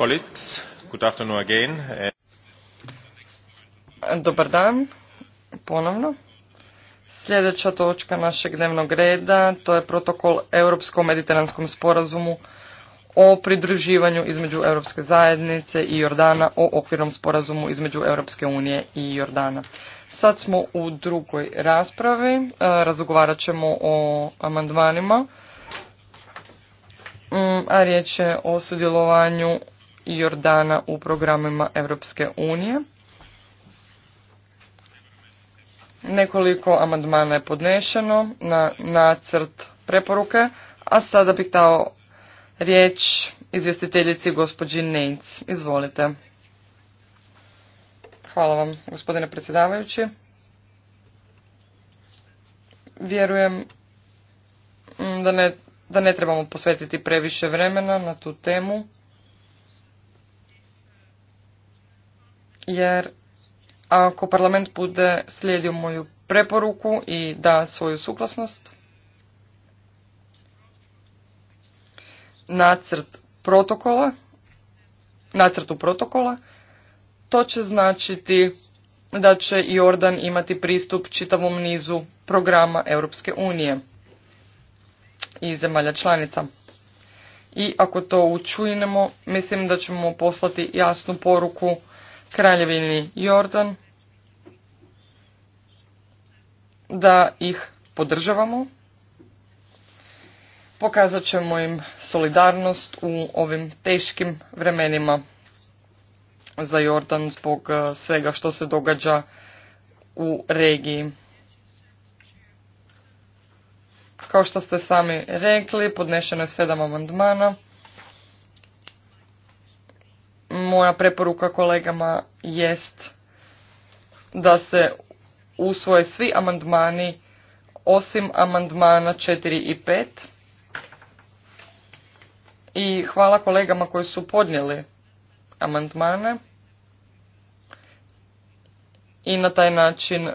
Eh, dobar dan, ponovno. Sljedeća točka našeg dnevnog reda, to je protokol Europskom mediteranskom sporazumu o pridruživanju između Europske zajednice i Jordana o okvirnom sporazumu između Europske unije i Jordana. Sad smo u drugoj raspravi, eh, razgovarat ćemo o amandmanima, mm, a riječ je o sudjelovanju Jordana u programima Europske unije. Nekoliko amandmana je podnešeno na nacrt preporuke, a sada bih dao riječ izvjestiteljici gospođi Nejc. Izvolite. Hvala vam, gospodine predsjedavajući. Vjerujem mm, da ne, da ne trebamo posvetiti previše vremena na tu temu. jer ako parlament bude slijedio moju preporuku i da svoju suglasnost, nacrt protokola, nacrtu protokola, to će značiti da će Jordan imati pristup čitavom nizu programa Europske unije i zemalja članica. I ako to učinimo, mislim da ćemo poslati jasnu poruku kraljevini Jordan da ih podržavamo. Pokazat ćemo im solidarnost u ovim teškim vremenima za Jordan zbog e, svega što se događa u regiji. Kao što ste sami rekli, podnešeno je sedam amandmana moja preporuka kolegama jest da se usvoje svi amandmani osim amandmana 4 i 5. I hvala kolegama koji su podnijeli amandmane. I na taj način e,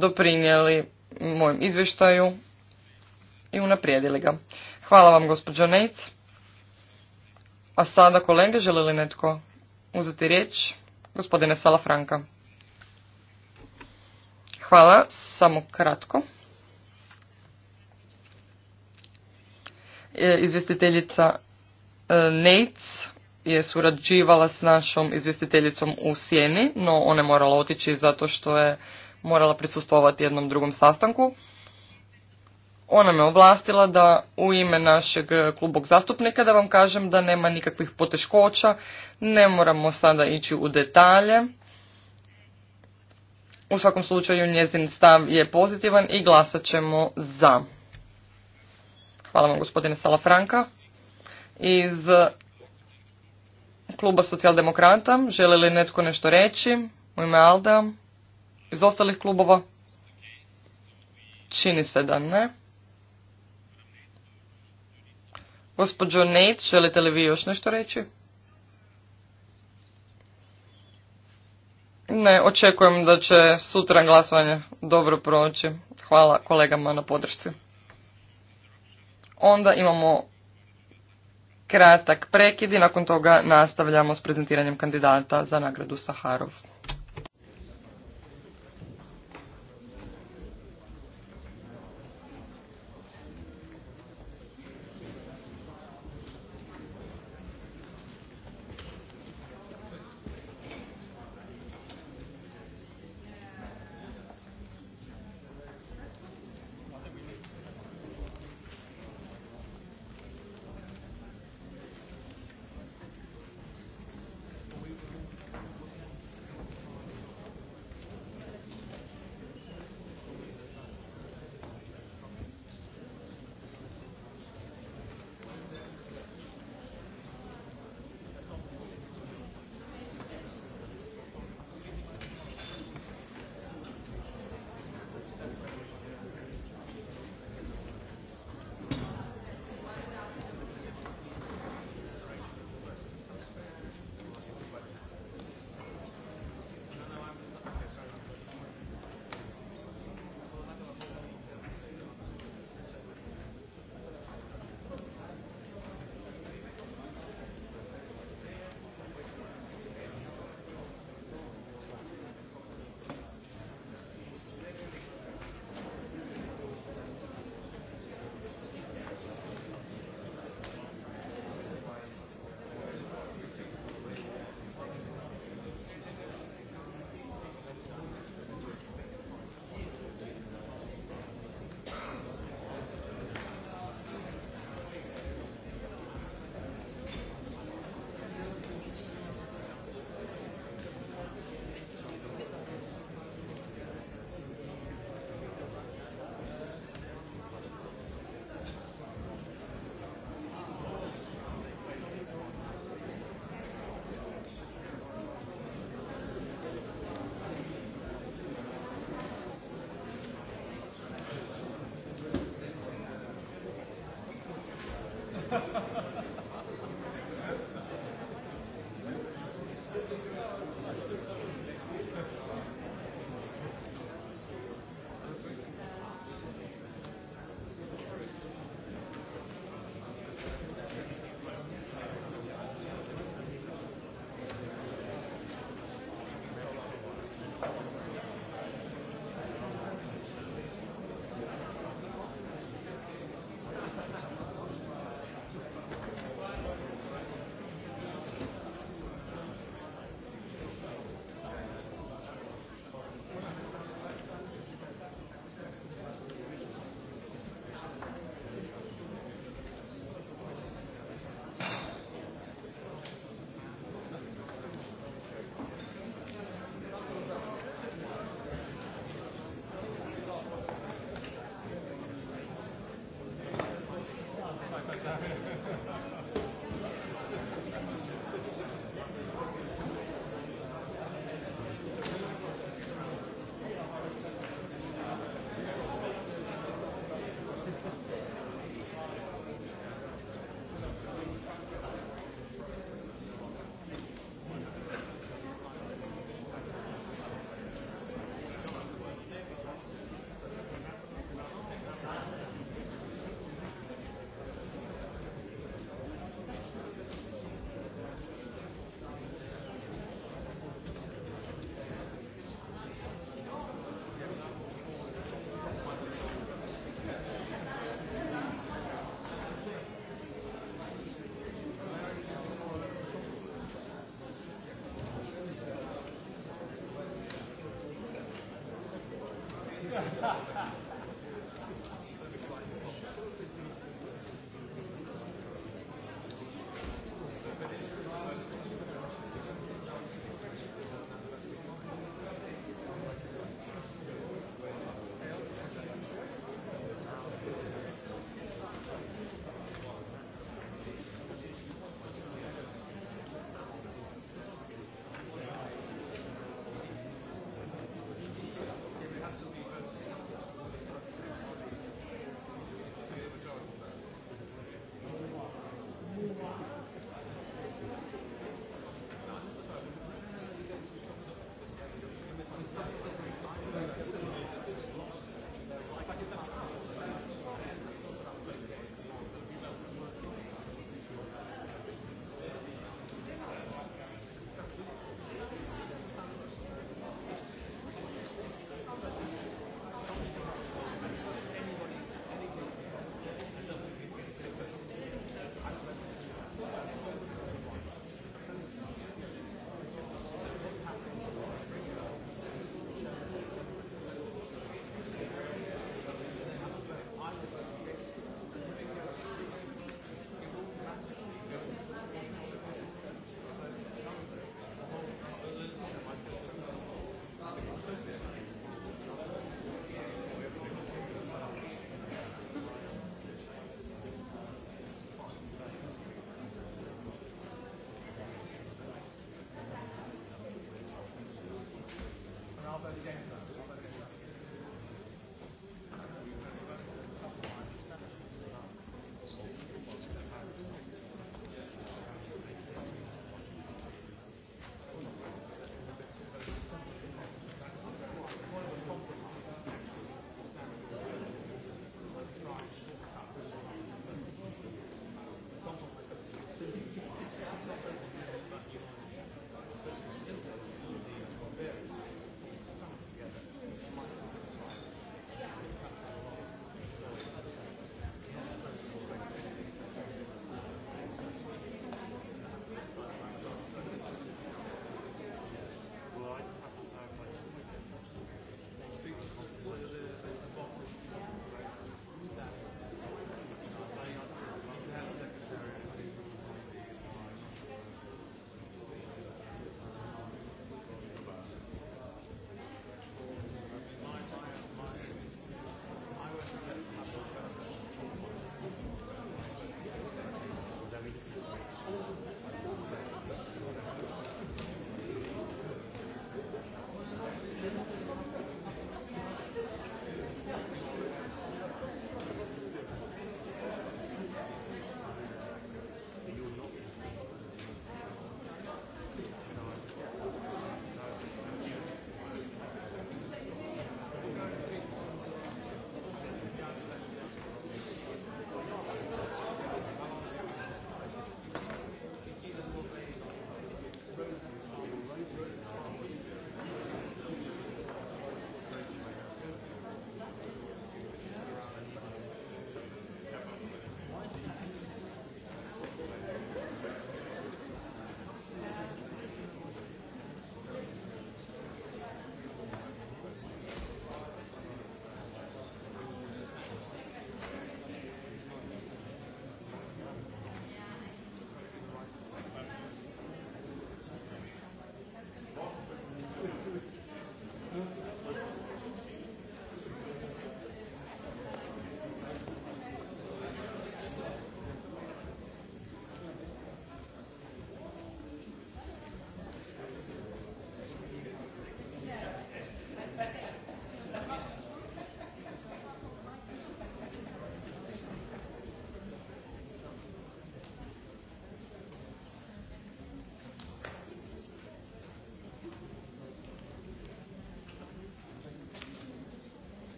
doprinijeli mojem izvještaju i unaprijedili ga. Hvala vam gospođo Nejc. A sada kolege, želi li netko uzeti riječ? Gospodine Salafranka. Hvala, samo kratko. E, izvjestiteljica e, Nates je surađivala s našom izvjestiteljicom u Sjeni, no ona je morala otići zato što je morala prisustovati jednom drugom sastanku. Ona me ovlastila da u ime našeg e, klubog zastupnika da vam kažem da nema nikakvih poteškoća, ne moramo sada ići u detalje. U svakom slučaju njezin stav je pozitivan i glasat ćemo za. Hvala vam gospodine Salafranka. Iz kluba socijaldemokrata želi li netko nešto reći u ime Alda? Iz ostalih klubova? Čini se da ne. Gospođo Nate, želite li vi još nešto reći? Ne, očekujem da će sutra glasovanje dobro proći. Hvala kolegama na podršci. Onda imamo kratak prekid i nakon toga nastavljamo s prezentiranjem kandidata za nagradu Saharov.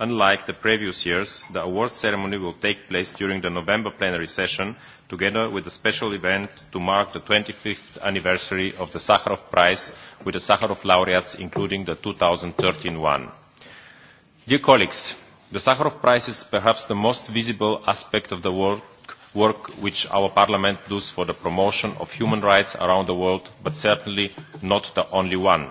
unlike the previous years the award ceremony will take place during the november plenary session together with a special event to mark the 25th anniversary of the sakharov prize with the sakharov laureates including the 2013 one dear colleagues the sakharov prize is perhaps the most visible aspect of the work which our parliament does for the promotion of human rights around the world but certainly not the only one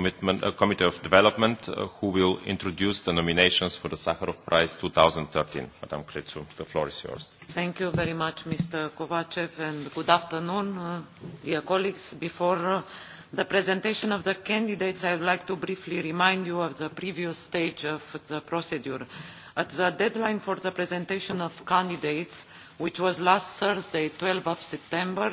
Uh, Committee of Development, uh, who will introduce the nominations for the Sakharov Prize 2013. Madam Kretsu, the floor is yours. Thank you very much, Mr. Kovachev, and good afternoon, uh, dear colleagues. Before the presentation of the candidates, I would like to briefly remind you of the previous stage of the procedure. At the deadline for the presentation of candidates, which was last Thursday, 12 of September,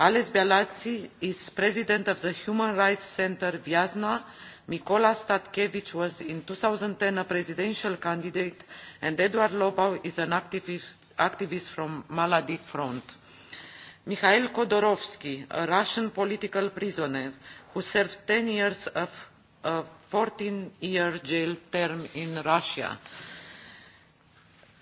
ales bialatski is president of the human rights centre Vyazna, mikola statkevich was in two thousand and ten a presidential candidate and eduard lobau is an activist, activist from maladi front. mikhail khodorkovsky a russian political prisoner who served ten years of a fourteen year jail term in russia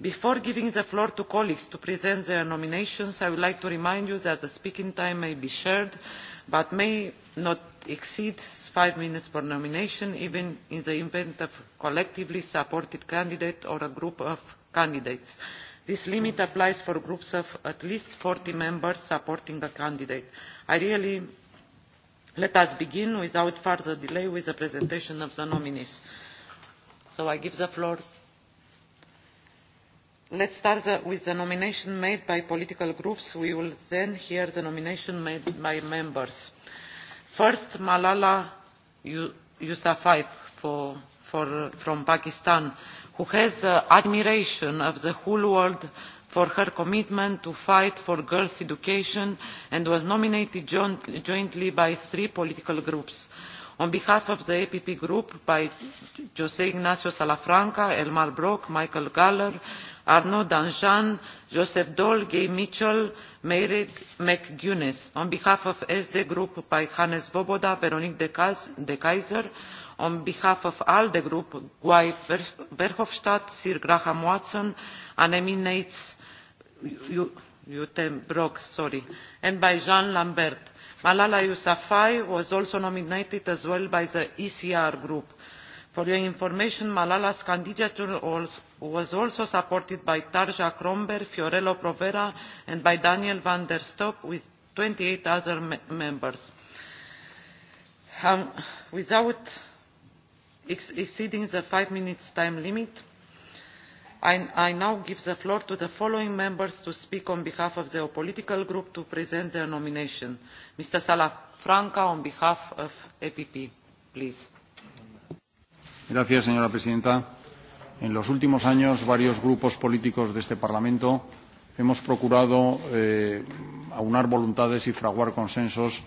before giving the floor to colleagues to present their nominations i would like to remind you that the speaking time may be shared but may not exceed five minutes per nomination even in the event of a collectively supported candidate or a group of candidates. this limit applies for groups of at least forty members supporting a candidate. i really let us begin without further delay with the presentation of the nominees. so i give the floor let us start with the nomination made by political groups. we will then hear the nomination made by members. first malala yousafzai from pakistan who has uh, admiration of the whole world for her commitment to fight for girls' education and was nominated jointly by three political groups on behalf of the epp group by jos ignacio salafranca elmar brok michael gahler arnaud danjean joseph daul gay mitchell mairead mcguinness. on behalf of the sd group by hannes swoboda veronique de keyser on behalf of the alde group guy verhofstadt sir graham watson annemie neitz jutta brok and by jean lambert. malala yousafzai was also nominated as well by the ecr group for your information malala's candidature was also supported by tarja Kromber, fiorello provera and by daniel van der stoep with twenty eight other members. Um, without exceeding the five minutes time limit I, now give the floor to the following members to speak on behalf of their political group to present their nomination mr salafranca on behalf of the please señora presidenta. En los últimos años, varios grupos políticos de este Parlamento hemos procurado eh, aunar voluntades y fraguar consensos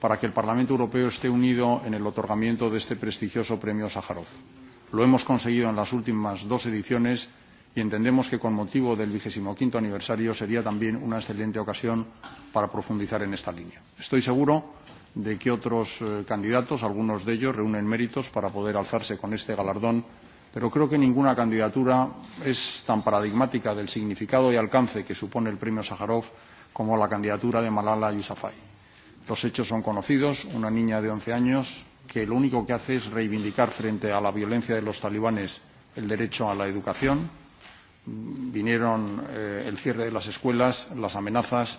para que el Parlamento Europeo esté unido en el otorgamiento de este prestigioso premio Sájarov. Lo hemos conseguido en las últimas dos ediciones y entendemos que con motivo del quinto aniversario sería también una excelente ocasión para profundizar en esta línea. Estoy seguro de que otros eh, candidatos, algunos de ellos, reúnen méritos para poder alzarse con este galardón, pero creo que ninguna candidatura es tan paradigmática del significado y alcance que supone el premio Sájarov como la candidatura de Malala Yousafzai. Los hechos son conocidos, una niña de 11 años que lo único que hace es reivindicar frente a la violencia de los talibanes el derecho a la educación, vinieron eh, el cierre de las escuelas, las amenazas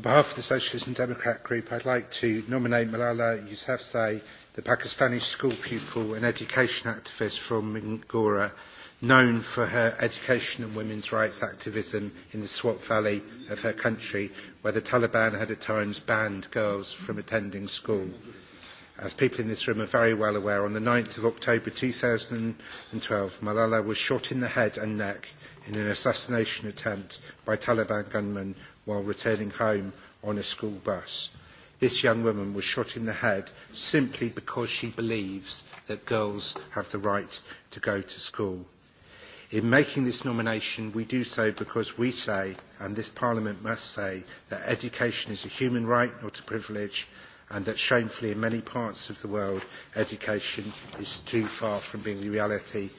On behalf of the Socialist and Democrat Group, I'd like to nominate Malala Yousafzai, the Pakistani school pupil and education activist from Mingora, known for her education and women's rights activism in the Swat Valley of her country, where the Taliban had at times banned girls from attending school. As people in this room are very well aware, on the 9th of October 2012, Malala was shot in the head and neck in an assassination attempt by Taliban gunmen while returning home on a school bus. This young woman was shot in the head simply because she believes that girls have the right to go to school. In making this nomination, we do so because we say, and this Parliament must say, that education is a human right, not a privilege, and that shamefully in many parts of the world, education is too far from being the reality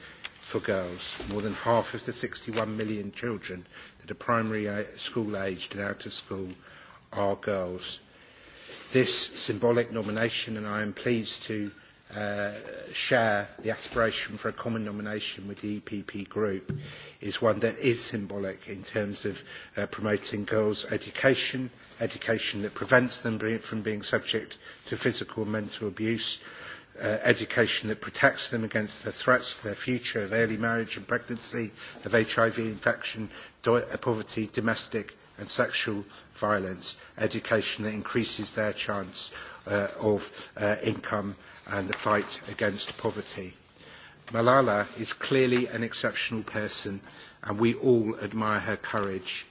for girls, more than half of the 61 million children that are primary school aged and out of school are girls. This symbolic nomination, and I am pleased to uh, share the aspiration for a common nomination with the EPP group, is one that is symbolic in terms of uh, promoting girls' education, education that prevents them from being subject to physical and mental abuse, Uh, education that protects them against the threats to their future of early marriage and pregnancy, of HIV infection, uh, poverty, domestic and sexual violence, education that increases their chance uh, of income and the fight against poverty. Malala is clearly an exceptional person and we all admire her courage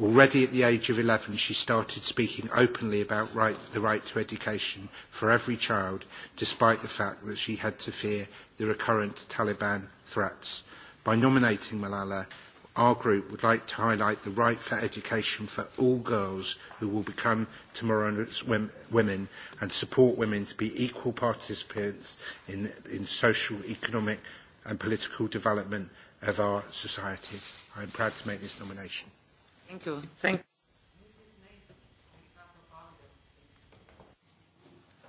Already at the age of 11, she started speaking openly about right, the right to education for every child, despite the fact that she had to fear the recurrent Taliban threats. By nominating Malala, our group would like to highlight the right for education for all girls who will become tomorrow's women and support women to be equal participants in, in social, economic and political development of our societies. I am proud to make this nomination. Thank you.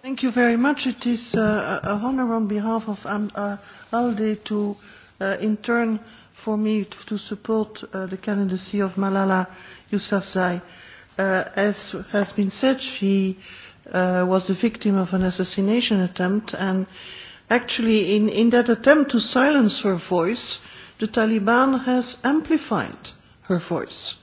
Thank you very much. It is uh, a honor on behalf of um, uh, ALDE to, uh, in turn, for me to, support uh, the candidacy of Malala Yousafzai. Uh, as has been said, she uh, was the victim of an assassination attempt, and actually, in, in that attempt to silence her voice, the Taliban has amplified her voice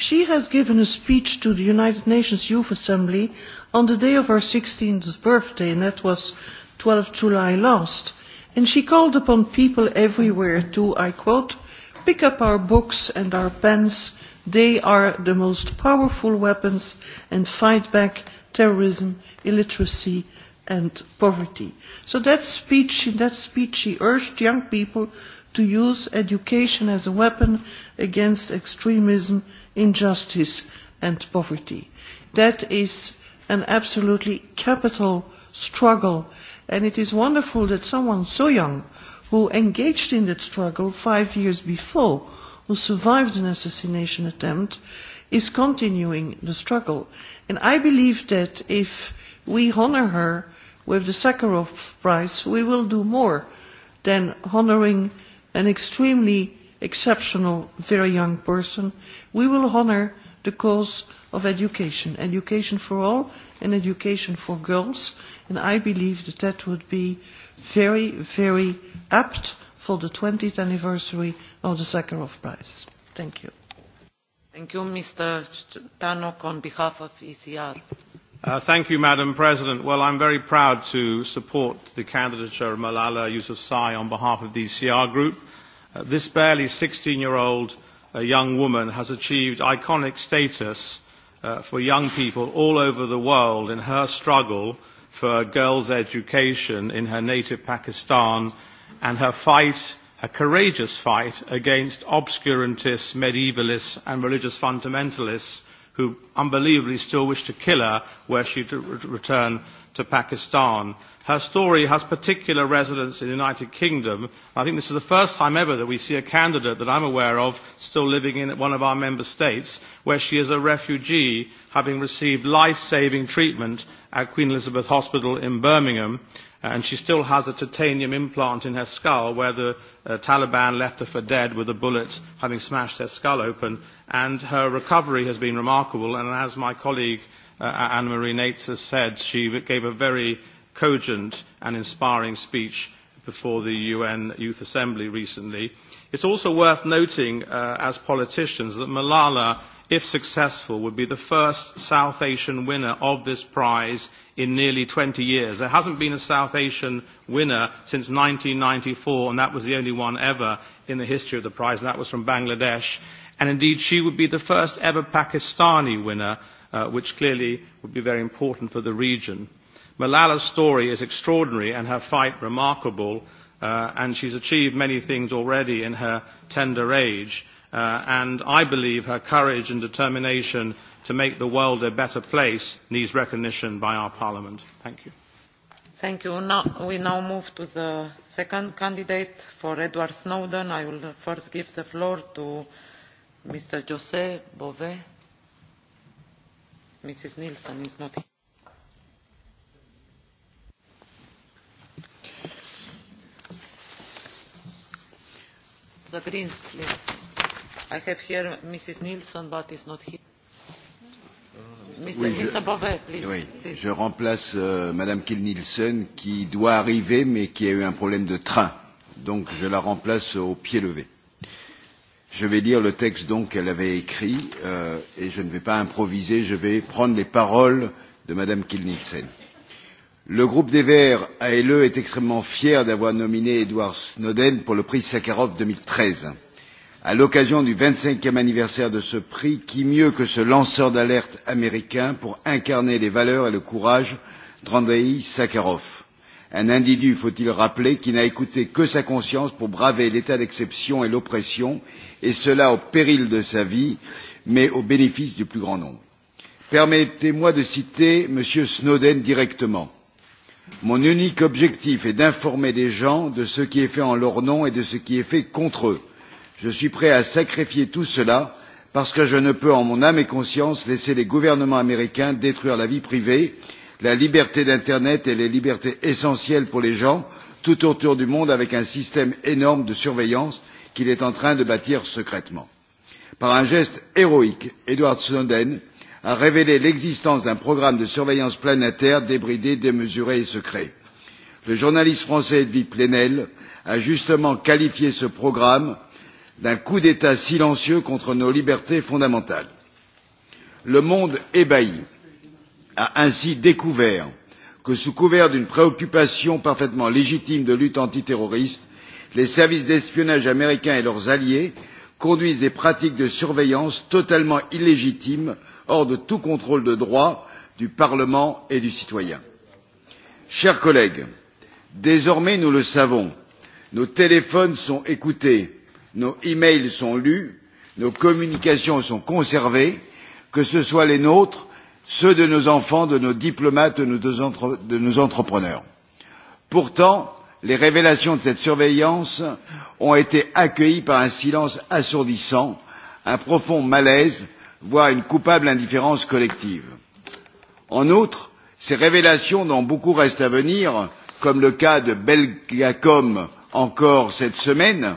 she has given a speech to the united nations youth assembly on the day of her sixteenth birthday and that was 12 july last and she called upon people everywhere to i quote pick up our books and our pens they are the most powerful weapons and fight back terrorism illiteracy and poverty. so that speech in that speech she urged young people to use education as a weapon against extremism injustice and poverty. That is an absolutely capital struggle and it is wonderful that someone so young who engaged in that struggle five years before, who survived an assassination attempt, is continuing the struggle. And I believe that if we honor her with the Sakharov Prize, we will do more than honoring an extremely exceptional, very young person, we will honor the cause of education, education for all and education for girls. And I believe that that would be very, very apt for the 20th anniversary of the Sakharov Prize. Thank you. Thank you, Mr. Tanok, on behalf of ECR. Uh, thank you, Madam President. Well, I'm very proud to support the candidature of Malala Yousafzai on behalf of the ECR group. Uh, this barely 16-year-old uh, young woman has achieved iconic status uh, for young people all over the world in her struggle for girls' education in her native Pakistan and her fight, a courageous fight against obscurantists, medievalists and religious fundamentalists who unbelievably still wish to kill her were she to return to Pakistan. Her story has particular resonance in the United Kingdom. I think this is the first time ever that we see a candidate that I'm aware of still living in one of our member states where she is a refugee having received life-saving treatment at Queen Elizabeth Hospital in Birmingham Uh, and she still has a titanium implant in her skull where the uh, Taliban left her for dead with a bullet having smashed her skull open. And her recovery has been remarkable. And as my colleague uh, Anne Marie Nates has said, she gave a very cogent and inspiring speech before the UN Youth Assembly recently. It's also worth noting uh, as politicians that Malala if successful would be the first south asian winner of this prize in nearly 20 years there hasn't been a south asian winner since 1994 and that was the only one ever in the history of the prize and that was from bangladesh and indeed she would be the first ever pakistani winner uh, which clearly would be very important for the region malala's story is extraordinary and her fight remarkable uh, and she's achieved many things already in her tender age Uh, and I believe her courage and determination to make the world a better place needs recognition by our Parliament. Thank you. Thank you. Now, we now move to the second candidate for Edward Snowden. I will first give the floor to Mr. Jose Bove. Mrs. Nielsen is not here. The Greens, please. I have here Mrs. but is not here. je, please, je remplace euh, Madame Kiel Nielsen qui doit arriver mais qui a eu un problème de train. Donc je la remplace au pied levé. Je vais lire le texte donc qu'elle avait écrit euh, et je ne vais pas improviser, je vais prendre les paroles de Madame Kiel Nielsen. Le groupe des Verts ALE est extrêmement fier d'avoir nominé Edward Snowden pour le prix Sakharov 2013 à l'occasion du vingt cinquième anniversaire de ce prix qui mieux que ce lanceur d'alerte américain pour incarner les valeurs et le courage d'andreï sakharov un individu faut il rappeler qui n'a écouté que sa conscience pour braver l'état d'exception et l'oppression et cela au péril de sa vie mais au bénéfice du plus grand nombre. permettez moi de citer m. snowden directement mon unique objectif est d'informer les gens de ce qui est fait en leur nom et de ce qui est fait contre eux je suis prêt à sacrifier tout cela parce que je ne peux en mon âme et conscience laisser les gouvernements américains détruire la vie privée la liberté d'internet et les libertés essentielles pour les gens tout autour du monde avec un système énorme de surveillance qu'il est en train de bâtir secrètement. par un geste héroïque edward snowden a révélé l'existence d'un programme de surveillance planétaire débridé démesuré et secret. le journaliste français edwy plenel a justement qualifié ce programme d'un coup d'état silencieux contre nos libertés fondamentales. le monde ébahi a ainsi découvert que sous couvert d'une préoccupation parfaitement légitime de lutte antiterroriste les services d'espionnage américains et leurs alliés conduisent des pratiques de surveillance totalement illégitimes hors de tout contrôle de droit du parlement et du citoyen. chers collègues désormais nous le savons nos téléphones sont écoutés nos emails sont lus nos communications sont conservées que ce soit les nôtres ceux de nos enfants de nos diplomates de nos, entrepreneurs. pourtant les révélations de cette surveillance ont été accueillies par un silence assourdissant un profond malaise voire une coupable indifférence collective. en outre ces révélations dont beaucoup reste à venir comme le cas de belgacom encore cette semaine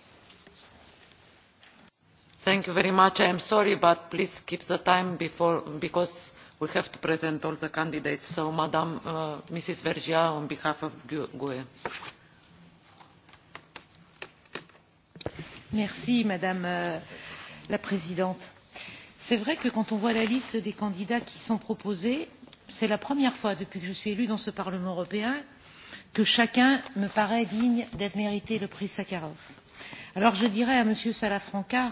Thank you Vergia, on behalf of e. Merci, Madame euh, la Présidente. C'est vrai que quand on voit la liste des candidats qui sont proposés, c'est la première fois depuis que je suis élue dans ce Parlement européen que chacun me paraît digne d'être mérité le prix Sakharov. Alors je dirais à M. Salafranca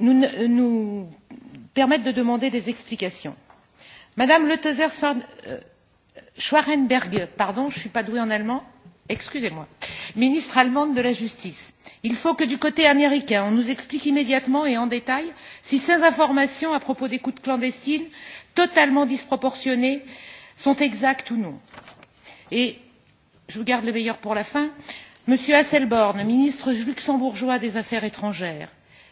nous, permettent de demander des explications. Madame Leuthauser euh, Schwarenberg, pardon, je ne suis pas douée en allemand, excusez-moi, ministre allemande de la Justice, il faut que du côté américain, on nous explique immédiatement et en détail si ces informations à propos d'écoutes clandestines, totalement disproportionnées, sont exactes ou non. Et je vous garde le meilleur pour la fin, Monsieur Hasselborn, ministre luxembourgeois des Affaires étrangères,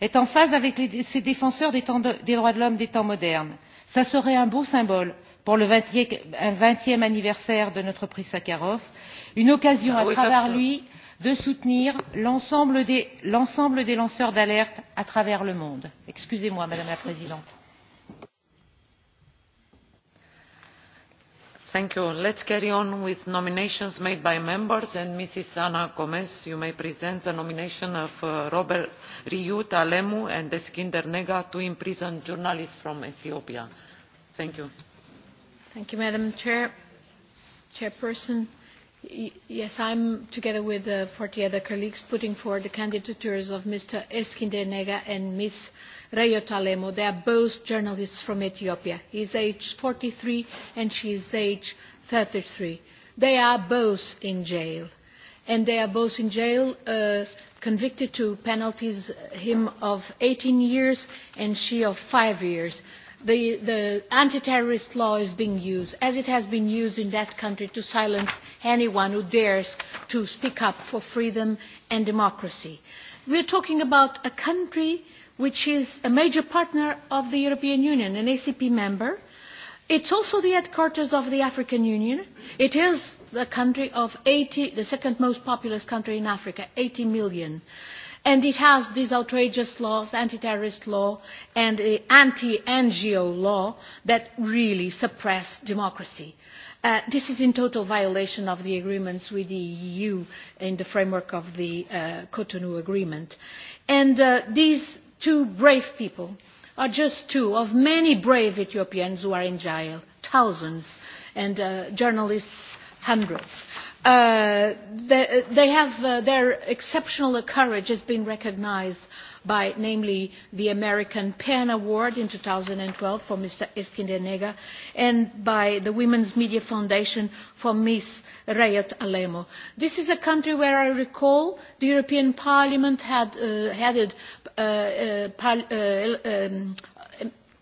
est en phase avec ses défenseurs des, droits de l'homme des temps modernes. ce serait un beau symbole pour le vingtième anniversaire de notre prix sakharov une occasion ah à travers lui de soutenir l'ensemble des lanceurs d'alerte à travers le monde. excusez moi madame la présidente. Thank you. Let's carry on with nominations made by members and ms Ana Gomez, you may present the nomination of uh, Robert Riut Alemu and Eskinder Nega, two imprisoned journalists from Ethiopia. Thank you. Thank you, Madam Chair. Chairperson, y yes, I'm together with uh, 40 other colleagues putting forward the candidatures of Mr. Eskinder Nega and Ms. Reyo Talemo. They are both journalists from Ethiopia. He is aged 43 and she is aged 33. They are both in jail. And they are both in jail, uh, convicted to penalties, uh, him of 18 years and she of five years. The, the anti terrorist law is being used as it has been used in that country to silence anyone who dares to speak up for freedom and democracy. we are talking about a country which is a major partner of the European Union, an ACP member. It's also the headquarters of the African Union. It is the country of 80, the second most populous country in Africa, 80 million. And it has these outrageous laws, anti-terrorist law and anti-NGO law that really suppress democracy. Uh, this is in total violation of the agreements with the EU in the framework of the uh, Cotonou Agreement. And uh, these two brave people are just two of many brave Ethiopians who are in jail, thousands, and uh, journalists, hundreds. Uh, they, they have, uh, their exceptional courage has been recognized by namely the American PEN Award in 2012 for Mr. nega and by the Women's Media Foundation for Ms. Rayot Alemo. This is a country where I recall the European Parliament had uh, headed uh, uh, um,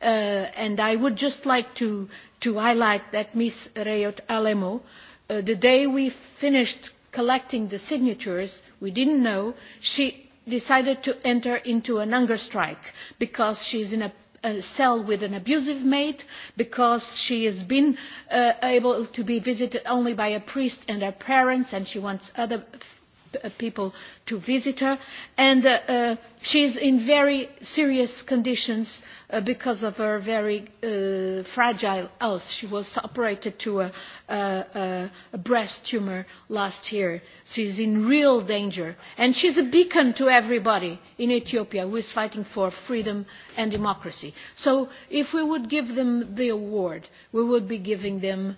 Uh, and I would just like to, to highlight that Ms. Reyot Alemo, uh, the day we finished collecting the signatures, we didn't know, she decided to enter into an hunger strike because she is in a cell with an abusive mate because she has been uh, able to be visited only by a priest and her parents and she wants other Uh, people to visit her and uh, uh, she is in very serious conditions because of her very fragile health. She was operated to a, a breast tumour last year. She is in real danger and she is a beacon to everybody in Ethiopia who is fighting for freedom and democracy. So if we would give them the award, we would be giving them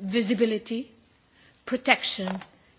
visibility, protection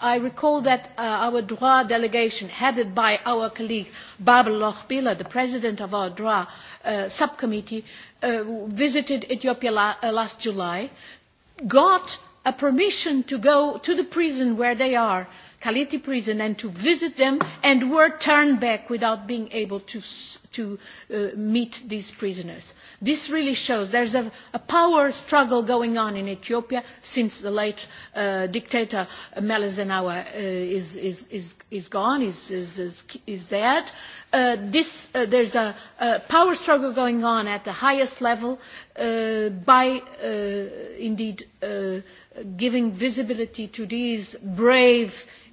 i recall that uh, our droit delegation, headed by our colleague Babel Lochbihler, the president of our DROA uh, subcommittee, uh, visited Ethiopia last July, got a permission to go to the prison where they are Kaliti prison and to visit them and were turned back without being able to, to uh, meet these prisoners. This really shows there's a, a power struggle going on in Ethiopia since the late uh, dictator Meles Zenawa uh, is, is, is, gone, is, is, is, dead. there's a, power struggle going on at the highest level by indeed giving visibility to these brave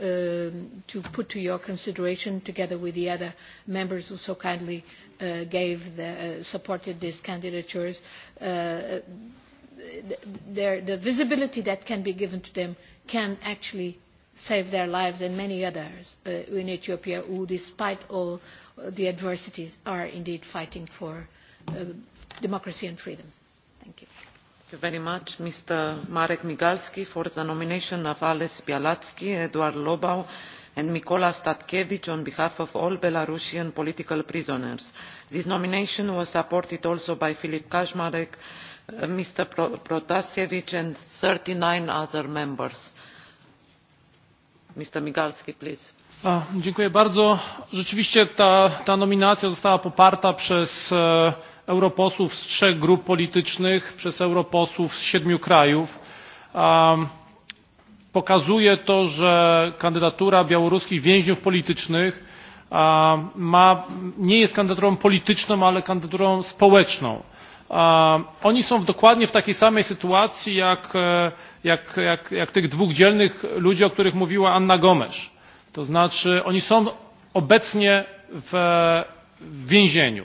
Um, to put to your consideration together with the other members who so kindly uh, gave uh, supported these candidatures uh, the visibility that can be given to them can actually save their lives and many others in Ethiopia who, despite all the adversities, are indeed fighting for democracy and freedom. Thank you. Thank very much, Mr. Marek Migalski, for the nomination of Ales bialatski Eduard Lobau, and Mikola Statkevich on behalf of all Belarusian political prisoners. This nomination was supported also by Filip Kaczmarek, uh, Mr. Protasevich, and 39 other members. Mr. Migalski, please. dziękuję bardzo. Rzeczywiście ta, ta nominacja została poparta przez e europosłów z trzech grup politycznych przez europosłów z siedmiu krajów pokazuje to że kandydatura białoruskich więźniów politycznych ma, nie jest kandydaturą polityczną ale kandydaturą społeczną. oni są dokładnie w takiej samej sytuacji e, jak, tych dwóch dzielnych ludzi o których mówiła anna gomes to znaczy oni są obecnie w więzieniu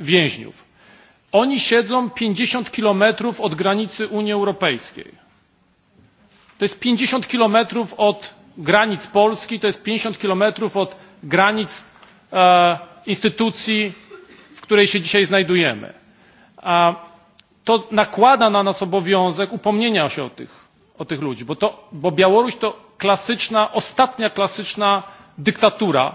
więźniów. oni siedzą pięćdziesiąt kilometrów od granicy unii europejskiej to jest pięćdziesiąt kilometrów od granic polski to jest pięćdziesiąt kilometrów od granic e, instytucji w której się dzisiaj znajdujemy. A to nakłada na nas obowiązek upomnienia się o tych, o tych ludzi bo, to, bo białoruś to klasyczna ostatnia klasyczna dyktatura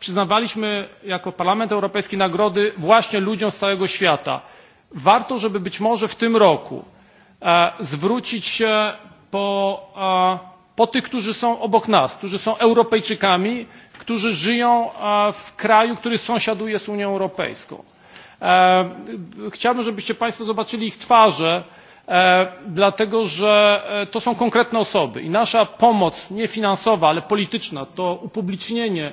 przyznawaliśmy jako parlament europejski nagrody właśnie ludziom z całego świata. warto żeby być może w tym roku e, zwrócić się e, po, tych którzy są obok nas którzy są europejczykami którzy żyją e, w kraju który sąsiaduje z unią europejską. chciałbym żebyście państwo zobaczyli ich twarze dlatego że to są konkretne osoby i nasza pomoc nie finansowa ale polityczna to upublicznienie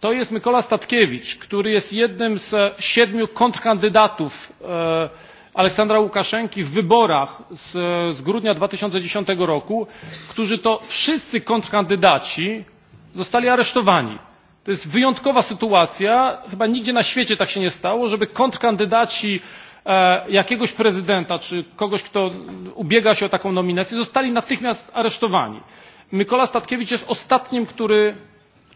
to jest mikola statkiewicz który jest jednym z siedmiu kontrkandydatów e, aleksandra łukaszenki w wyborach z, grudnia dwa roku którzy to wszyscy kontrkandydaci zostali aresztowani. to jest wyjątkowa sytuacja chyba nigdzie na świecie tak się nie stało żeby kontrkandydaci e, jakiegoś prezydenta czy kogoś kto ubiega się o taką nominację zostali natychmiast aresztowani. mikola statkiewicz jest ostatnim który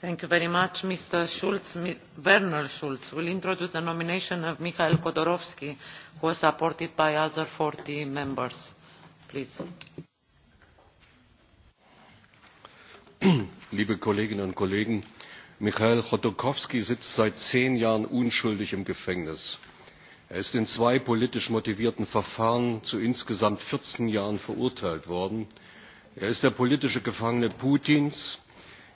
Thank you Werner Schulz will introduce the nomination of Mikhail who supported by members. Liebe Kolleginnen und Kollegen, Michail Chodorkowski sitzt seit zehn Jahren unschuldig im Gefängnis. Er ist in zwei politisch motivierten Verfahren zu insgesamt 14 Jahren verurteilt worden. Er ist der politische Gefangene Putins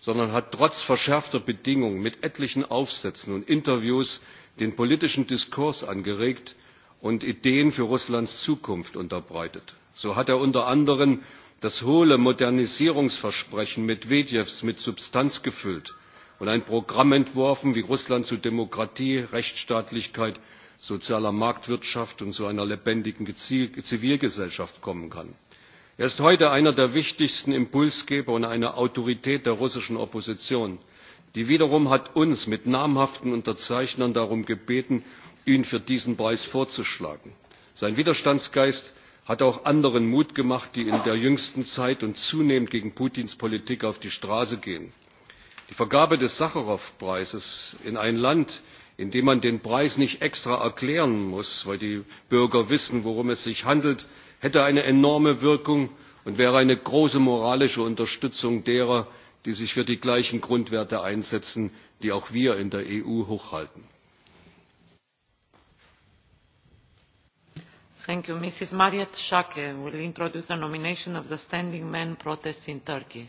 sondern hat trotz verschärfter bedingungen mit etlichen aufsätzen und interviews den politischen diskurs angeregt und ideen für russlands zukunft unterbreitet. so hat er unter anderem das hohle modernisierungsversprechen medwedews mit substanz gefüllt und ein programm entworfen wie russland zu demokratie rechtsstaatlichkeit sozialer marktwirtschaft und zu einer lebendigen zivilgesellschaft kommen kann er ist heute einer der wichtigsten impulsgeber und eine autorität der russischen opposition. die wiederum hat uns mit namhaften unterzeichnern darum gebeten ihn für diesen preis vorzuschlagen. sein widerstandsgeist hat auch anderen mut gemacht die in der jüngsten zeit und zunehmend gegen putins politik auf die straße gehen. die vergabe des sacharow preises in ein land in dem man den preis nicht extra erklären muss weil die bürger wissen worum es sich handelt hätte eine enorme wirkung und wäre eine große moralische unterstützung derer die sich für die gleichen grundwerte einsetzen die auch wir in der eu hochhalten. of the Standing in Turkey,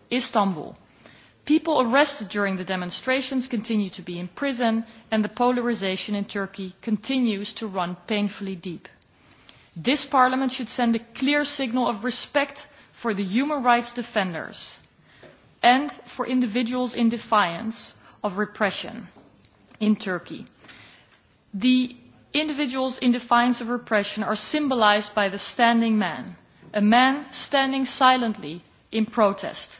Istanbul. People arrested during the demonstrations continue to be in prison and the polarization in Turkey continues to run painfully deep. This parliament should send a clear signal of respect for the human rights defenders and for individuals in defiance of repression in Turkey. The individuals in defiance of repression are symbolized by the standing man, a man standing silently in protest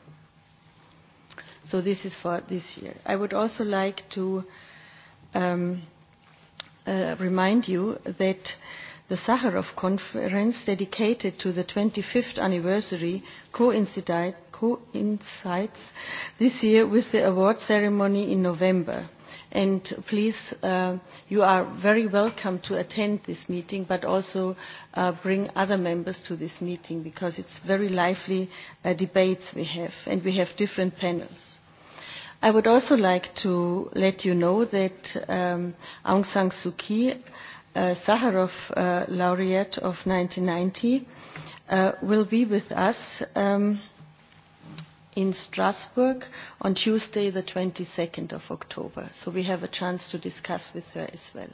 So this is for this year. I would also like to um, uh, remind you that the Sakharov conference dedicated to the 25th anniversary coincides this year with the award ceremony in November. And please, uh, you are very welcome to attend this meeting, but also uh, bring other members to this meeting because it's very lively debates we have, and we have different panels. I would also like to let you know that um, Aung San Suu Kyi, uh, Sakharov uh, laureate of 1990, uh, will be with us um, in Strasbourg on Tuesday, the 22nd of October. So we have a chance to discuss with her as well.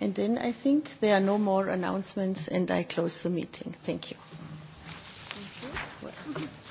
And then I think there are no more announcements and I close the meeting. Thank you. Thank you.